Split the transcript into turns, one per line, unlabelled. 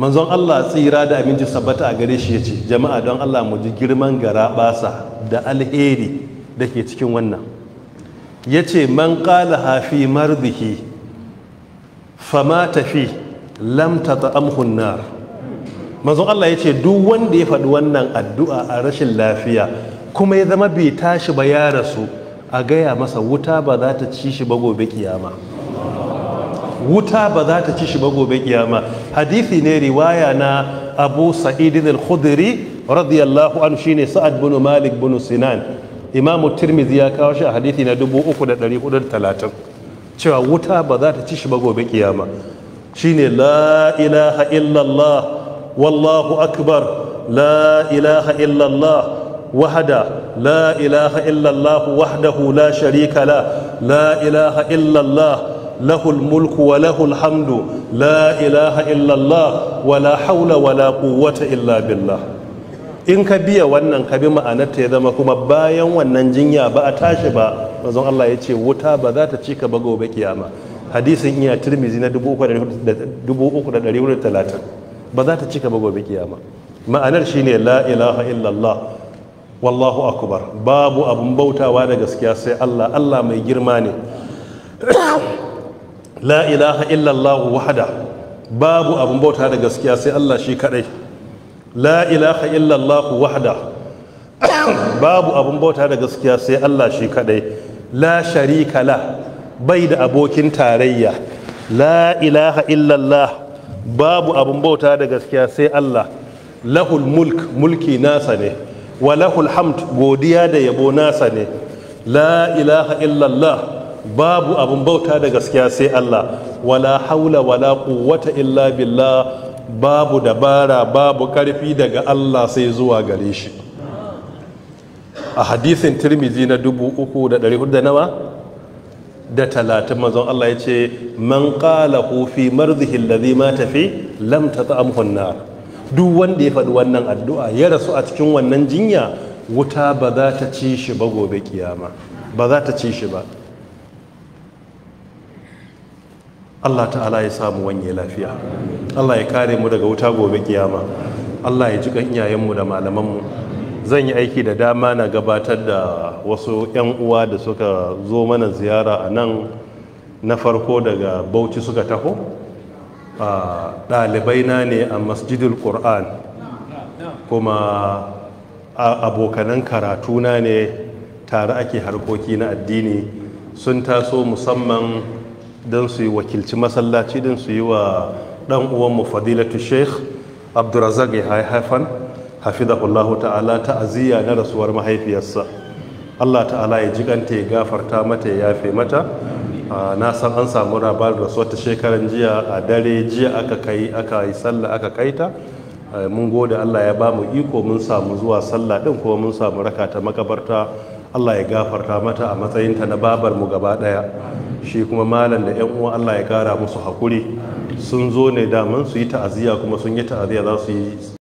manzon Allah tsira da aminci sabbata a gare shi ya ce jama'a don Allah mu ji girman gara basa da alheri da ke cikin wannan ya ce man ƙala hafi marzihi fama tafi lamta ta amhun nar manzon Allah ya ce duk wanda ya faɗi wannan addu'a a rashin lafiya kuma ya zama bai tashi ba ya rasu a gaya masa wuta ba za ta ci shi ba gobe kiyama wuta ba za ta ci shi ba gobe kiyama hadithi ne riwaya na abu sa'idin al-khudri radiyallahu anhu shine sa'ad bin malik bin sinan imamu tirmidhi ya kawo shi a hadithi na 3430 cewa wuta ba za ta ci shi ba gobe kiyama shine la ilaha illallah wallahu akbar la ilaha illallah wahada, la ilaha illallah الله la لا la له لا له الملك وله الحمد لا إله إلا الله ولا حول ولا قوة إلا بالله in ka biya wannan ka bi ma'anar ta ya zama kuma bayan wannan jinya ba a tashi ba manzon Allah ya ce wuta ba za ta ci ka ba gobe kiyama hadisin iya tirmizi na 3430 ba za ta ci ka ba gobe kiyama ma'anar shine la ilaha illallah wallahu akbar babu abun bautawa da gaskiya sai Allah Allah mai girma ne la ilaha illallah wahada babu abin bauta da gaskiya sai Allah shi kadai la ilaha illallah wahada babu abin bauta da gaskiya sai Allah shi kadai la sharika la bai da abokin tarayya la ilaha illallah babu abin bauta da gaskiya sai Allah lahul mulk mulki nasa ne wa lahul hamd godiya da yabo nasa ne la ilaha illallah babu abin bauta da gaskiya sai Allah wala haula wala quwwata illa billah babu dabara babu karfi daga Allah sai zuwa gare shi a hadisin tirmizi na dubu uku da hudu da nawa da talatin mazan Allah ya ce man ƙala hufi marzihin lazi ma tafi lamta ta amhunna duk wanda ya faɗi wannan addu'a ya rasu a cikin wannan jinya wuta ba za ta ci shi ba gobe kiyama ba za ta ci shi ba Allah ta'ala ya samu wanye lafiya Allah ya kare mu daga wuta gobe kiyama Allah ya ji kan iyayenmu da malamanmu zan yi aiki da dama na gabatar da wasu 'yan uwa da suka zo mana ziyara a nan na farko daga bauchi suka taho ɗalibai na ne a masjidul ƙur'an kuma abokanan karatu na ne tare ake harkoki na addini sun taso musamman don su yi wakilci masallaci din su yi wa dan uwanmu fadilatu sheikh abdurazak ya haifan hafizahullahu ta'ala ta'aziyya na rasuwar mahaifiyarsa Allah ta'ala ya ji kanta ya gafarta mata ya yafe mata na san an samu rabar rasuwar ta shekaran jiya a dare jiya aka kai aka yi sallah aka kaita mun gode Allah ya ba mu iko mun samu zuwa sallah din kuma mun samu raka ta makabarta Allah ya gafarta mata a matsayinta na babar mu gaba daya shi kuma malam da 'yan uwa Allah ya kara musu haƙuri, sun zo ne daman su yi ta'aziyya kuma sun yi ta'aziyya za su yi